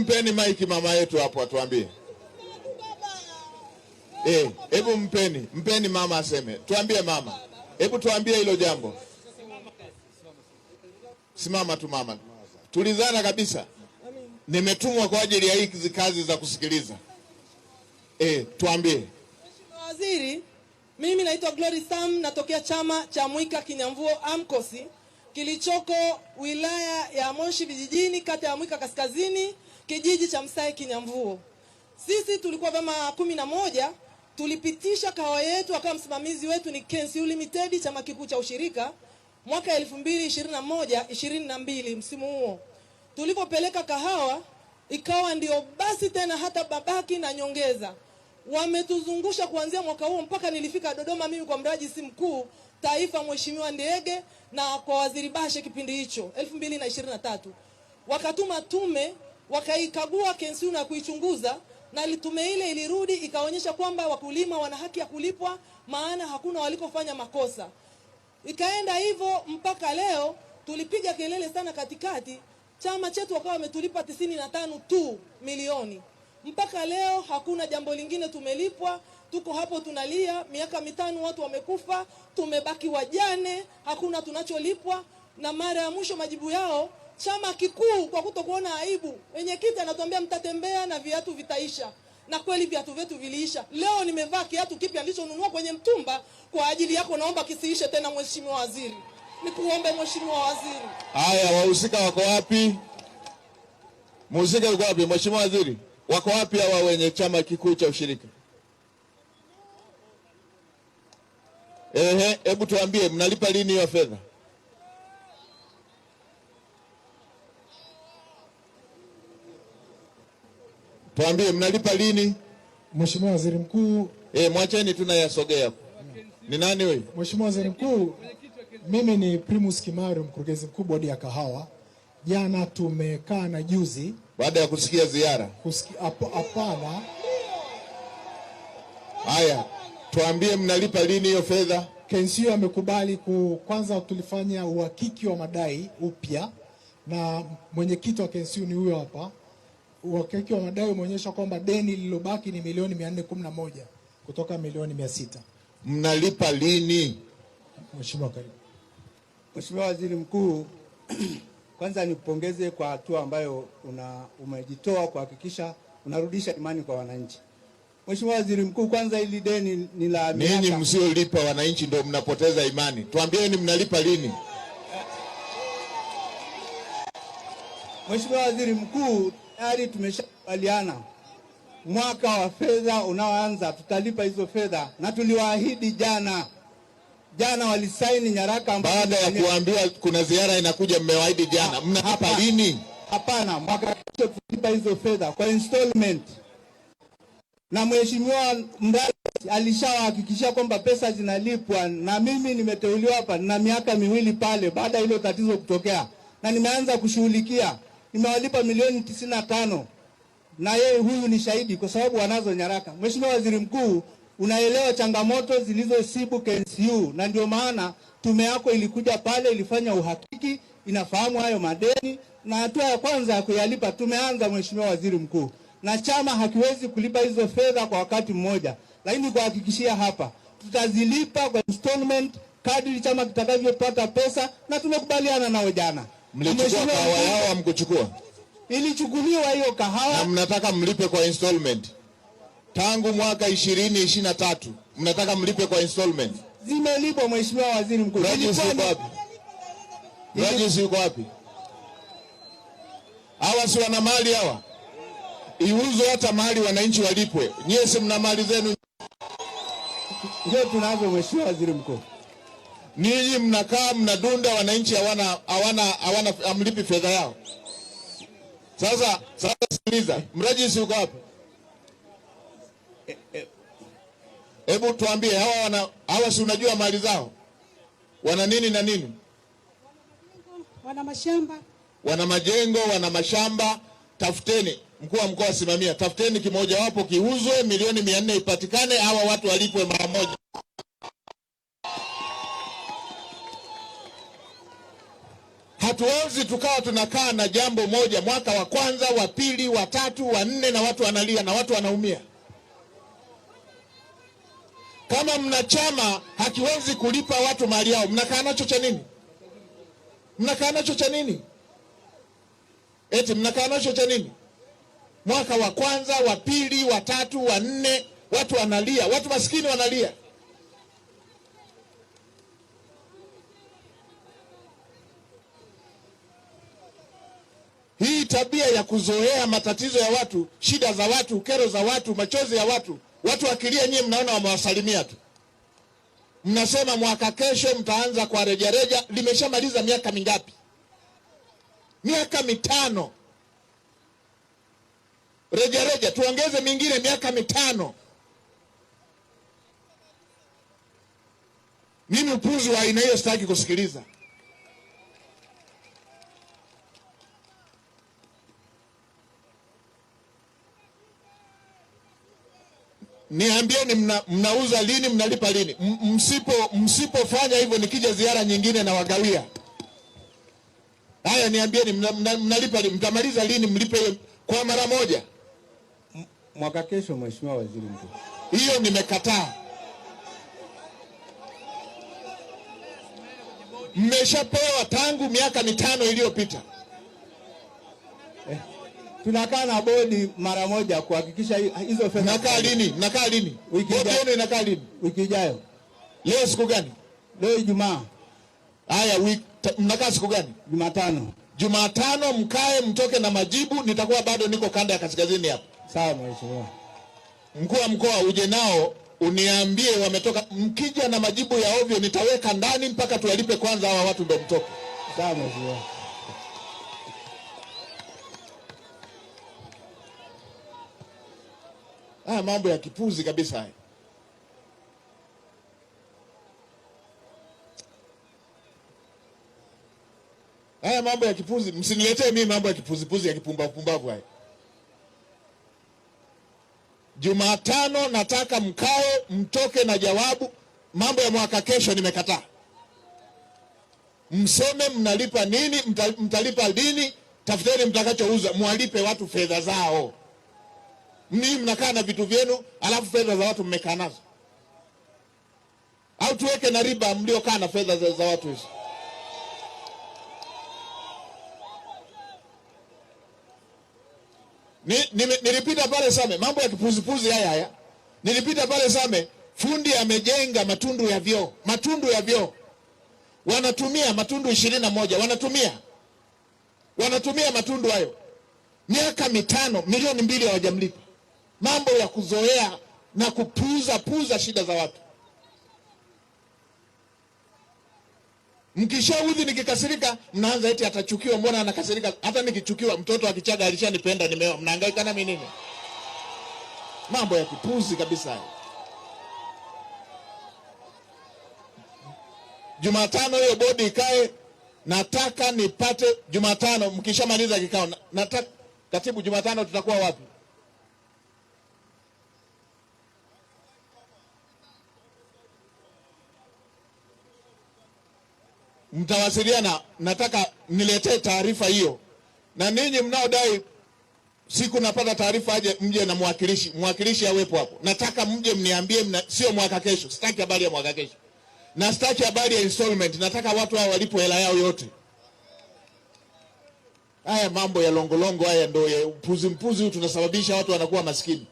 Mpeni maiki mama yetu hapo atuambie. Eh, hebu mpeni, mpeni mama aseme. Tuambie mama. Hebu tuambie hilo jambo. Simama tu mama. Tulizana kabisa. Nimetumwa kwa ajili ya hizi kazi za kusikiliza. Eh, tuambie. Mheshimiwa Waziri, mimi naitwa Glory Sam, natokea chama cha Mwika Kinyamvuo Amkosi kilichoko wilaya ya Moshi vijijini, kata ya Mwika kaskazini kijiji cha Msai Kinyamvuo. Sisi tulikuwa vyama kumi na moja, tulipitisha kahawa yetu, akawa msimamizi wetu ni Kensiu Limited, chama kikuu cha ushirika mwaka 2021 22, msimu huo tulipopeleka kahawa ikawa ndio basi tena, hata babaki na nyongeza. Wametuzungusha kuanzia mwaka huo mpaka nilifika Dodoma mimi kwa mrajisi mkuu taifa Mheshimiwa Ndege na kwa waziri Bashe kipindi hicho 2023 wakatuma tume wakaikagua kensu na kuichunguza na tume ile ilirudi ikaonyesha kwamba wakulima wana haki ya kulipwa, maana hakuna walikofanya makosa. Ikaenda hivyo mpaka leo. Tulipiga kelele sana katikati, chama chetu wakawa wametulipa tisini na tano tu milioni. Mpaka leo hakuna jambo lingine tumelipwa. Tuko hapo tunalia, miaka mitano watu wamekufa, tumebaki wajane, hakuna tunacholipwa. Na mara ya mwisho majibu yao chama kikuu kwa kutokuona aibu aibu. Mwenyekiti anatuambia mtatembea na viatu vitaisha, na kweli viatu vyetu viliisha. Leo nimevaa kiatu kipya nilichonunua kwenye mtumba kwa ajili yako, naomba kisiishe tena. Mheshimiwa Waziri, nikuombe Mheshimiwa Waziri. Haya, wahusika wako wapi? Mhusika yuko wapi? Mheshimiwa Waziri, wako wapi hawa wenye chama kikuu cha ushirika? Ehe, hebu tuambie mnalipa lini hiyo fedha? Tuambie mnalipa lini? Mheshimiwa Waziri Mkuu. Eh, mwacheni tunayasogea. Ni nani wewe? Mheshimiwa Waziri Mkuu, mimi ni Primus Kimario, mkurugenzi mkuu bodi ya kahawa. Jana tumekaa na juzi baada ya kusikia ziara. Kusikia hapana. Haya, tuambie mnalipa lini hiyo fedha? Kensio amekubali ku, kwanza tulifanya uhakiki wa madai upya na mwenyekiti wa Kensio ni huyo hapa uhakiki wa madai umeonyesha kwamba deni lililobaki ni milioni 411 kutoka milioni 600. Mnalipa lini? Mheshimiwa, karibu. Mheshimiwa Waziri Mkuu, kwanza nikupongeze kwa hatua ambayo una umejitoa kuhakikisha unarudisha imani kwa wananchi. Mheshimiwa Waziri Mkuu, kwanza hili deni ni la miaka. Ninyi msiolipa wananchi ndio mnapoteza imani. Tuambieni mnalipa lini? Mheshimiwa Waziri Mkuu tayari tumeshakubaliana mwaka wa fedha unaoanza tutalipa hizo fedha, na tuliwaahidi jana. Jana walisaini nyaraka baada ya kuambia kuna ziara inakuja, mmewaahidi jana, mna hapa lini? Hapana, mwaka kesho tutalipa hizo fedha kwa installment, na mheshimiwa Mradi alishawahakikishia kwamba pesa zinalipwa, na mimi nimeteuliwa hapa na miaka miwili pale, baada ya hilo tatizo kutokea, na nimeanza kushughulikia nimewalipa milioni tisini na tano na yeye huyu ni shahidi kwa sababu wanazo nyaraka. Mheshimiwa Waziri Mkuu, unaelewa changamoto zilizosibu KCU na ndio maana tume yako ilikuja pale, ilifanya uhakiki, inafahamu hayo madeni na hatua ya kwanza ya kuyalipa tumeanza, Mheshimiwa Waziri Mkuu, na chama hakiwezi kulipa hizo fedha kwa wakati mmoja, lakini kuhakikishia hapa tutazilipa kwa installment kadri chama kitakavyopata pesa, na tumekubaliana nao jana. Mlichukua kahawa yao hamkuchukua? Ilichukuliwa hiyo kahawa. Na mnataka mlipe kwa installment. Tangu mwaka 2023 mnataka mlipe kwa installment. Zimelipwa Mheshimiwa Waziri Mkuu. Rajisi yuko wapi? Rajisi yuko wapi? Hawa si wana mali hawa? Iuzwe hata mali wananchi walipwe. Nyie si mna mali zenu. Ndio tunazo Mheshimiwa Waziri Mkuu. Ninyi mnakaa mnadunda, wananchi hawana hawana hawana amlipi fedha yao. Sasa sasa, sikiliza, mrajisi uko wapi? Hebu tuambie, hawa wana hawa, si unajua mali zao wana nini na nini? Wana mashamba, wana majengo, wana mashamba. Tafuteni, mkuu wa mkoa asimamia, tafuteni kimojawapo kiuzwe, milioni mia nne ipatikane, hawa watu walipwe mara moja. Hatuwezi tukawa tunakaa na jambo moja mwaka wa kwanza, wa pili, wa tatu, wa nne, na watu wanalia na watu wanaumia. Kama mna chama hakiwezi kulipa watu mali yao, mnakaa nacho cha nini? Mnakaa nacho cha nini? Eti mnakaa nacho cha nini? Mwaka wa kwanza, wa pili, wa tatu, wa nne, watu wanalia, watu maskini wanalia. tabia ya kuzoea matatizo ya watu, shida za watu, kero za watu, machozi ya watu. Watu wakilia, nyie mnaona wamewasalimia tu, mnasema mwaka kesho mtaanza kwa rejareja. Limeshamaliza miaka mingapi? Miaka mitano rejareja, tuongeze mingine miaka mitano. Mimi upuzi wa aina hiyo sitaki kusikiliza. niambieni, mna, mnauza lini? Mnalipa lini? Msipo msipofanya hivyo, nikija ziara nyingine na wagawia haya, niambieni, mnalipa mna, mna mtamaliza lini? Mlipe kwa mara moja mwaka kesho, Mheshimiwa Waziri Mkuu. Hiyo nimekataa. Mmeshapewa tangu miaka mitano iliyopita eh tunakaa na bodi mara moja kuhakikisha hizo fedha. Nakaa lini? Nakaa lini? Wiki ijayo. inakaa lini? Wiki ijayo. Leo siku gani? Leo Ijumaa. Haya, wiki mnakaa siku gani? Jumatano. Jumatano mkae mtoke na majibu. Nitakuwa bado niko kanda ya kaskazini hapa. Sawa mheshimiwa. Mkuu wa mkoa uje nao uniambie wametoka. Mkija na majibu ya ovyo nitaweka ndani mpaka tuwalipe kwanza hawa watu ndio mtoke. Sawa mheshimiwa. Haya mambo ya kipuzi kabisa haya. Haya mambo ya kipuzi, msiniletee mimi mambo ya kipuzi puzi ya kipumbavu pumbavu haya. Jumatano nataka mkae mtoke na jawabu. Mambo ya mwaka kesho nimekataa. Mseme mnalipa nini, mtalipa lini, tafuteni mtakachouza, mwalipe watu fedha zao. Mimi mnakaa na vitu vyenu, alafu fedha za watu mmekaa nazo, au tuweke na riba mliokaa na fedha za watu hizo? Ni, ni, nilipita pale Same, mambo ya kipuzipuzi haya haya. Nilipita pale Same, fundi amejenga matundu ya vyoo, matundu ya vyoo wanatumia matundu ishirini na moja wanatumia wanatumia matundu hayo miaka mitano, milioni mbili hawajamlipa mambo ya kuzoea na kupuuza puuza shida za watu. Mkishaudhi nikikasirika, mnaanza eti atachukiwa, mbona anakasirika? Hata nikichukiwa mtoto akichaga alishanipenda, nimeoa, mnahangaika nami nini? Mambo ya kipuzi kabisa. Jumatano hiyo bodi ikae, nataka nipate Jumatano. Mkishamaliza kikao, nataka katibu, Jumatano tutakuwa wapi? mtawasiliana, nataka niletee taarifa hiyo, na ninyi mnaodai siku napata taarifa aje, mje na mwakilishi, mwakilishi awepo hapo. Nataka mje mniambie mna, sio mwaka kesho, sitaki habari ya mwaka kesho na sitaki habari ya installment. Nataka watu hao walipo hela yao yote. Haya mambo ya longolongo haya ndio ya upuzi mpuzi, tunasababisha watu wanakuwa maskini.